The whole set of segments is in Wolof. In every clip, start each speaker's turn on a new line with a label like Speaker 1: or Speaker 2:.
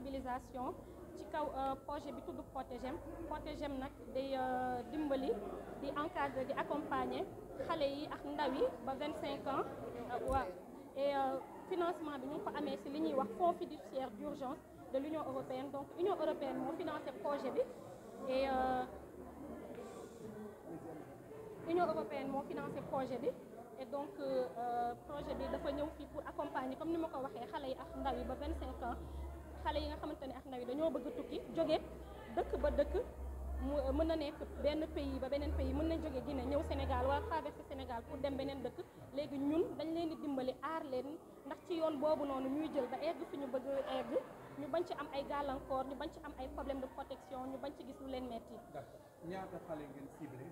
Speaker 1: sensibilisation ci kaw euh, projet bi tudd Protégem Protégem nak day euh, dimbali di encadrer di accompagner xalé yi ak ba ans euh, et et financement bi ñu fonds fiduciaire d'urgence de l'Union européenne donc l'Union européenne a financé projet et Union européenne mo financé projet bi et donc projet bi dafa ñëw pour accompagner comme nous avons ko waxee yi ak ans xale yi nga xamante ne ak ndaw yi dañoo bëgg tukki jóge dëkk ba dëkk mu mën na nekk benn pays ba beneen pays mën na jóge Guinée ñëw Sénégal wala traversé Sénégal pour dem beneen dëkk léegi ñun dañ leen di dimbali aar leen ndax ci yoon boobu noonu ñuy jël ba egg fi ñu bëgg egg ñu bañ ci am ay gàllankoor ñu bañ ci am ay problème de protection ñu bañ ci gis lu leen metti ñaata xale ngeen ciblé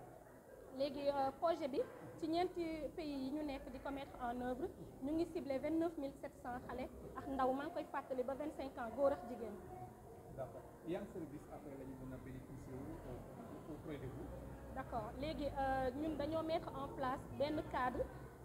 Speaker 1: léegi euh, projet bi ci ñenti pays yi ñu nekk di ko mettre en œuvre ñu ngi ciblé vingt neuf mille ak ndaw ma ngi koy fàttali ba 25 ans góor ak jigéen. d'accord yan service après la ñu mën a bénéficier auprès de vous. d'accord léegi euh, ñun dañoo mettre en place benn cadre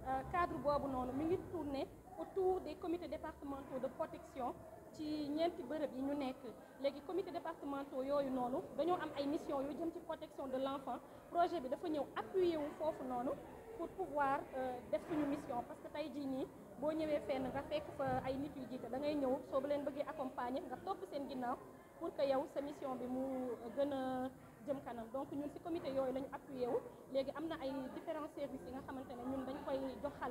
Speaker 1: euh, cadre boobu noonu mi ngi tourner autour des comités départementaux de protection ci ñeenti bërëb yi ñu nekk légui comité départementaux yoyu noonu dañu am ay mission yu jëm ci protection de l'enfant projet bi dafa ñëw appuyer wu fofu noonu pour pouvoir euh, def suñu mission parce que tey jii nii boo ñëwee fenn nga fekk fa ay nit yu jité da ngay ñëw so bu leen bëggé accompagner nga top seen ginnaw pour que yow sa mission bi mu gën jëm kanam donc ñun ci comité yoyu lañu appuyer wu légui amna ay différents services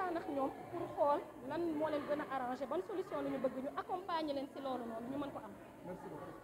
Speaker 1: waxtaan ak ñoom pour xool lan moo leen gën a arrangé ban solution la ñu bëgg ñu accompagner leen si loolu noonu ñu mën ko am. merci beaucoup.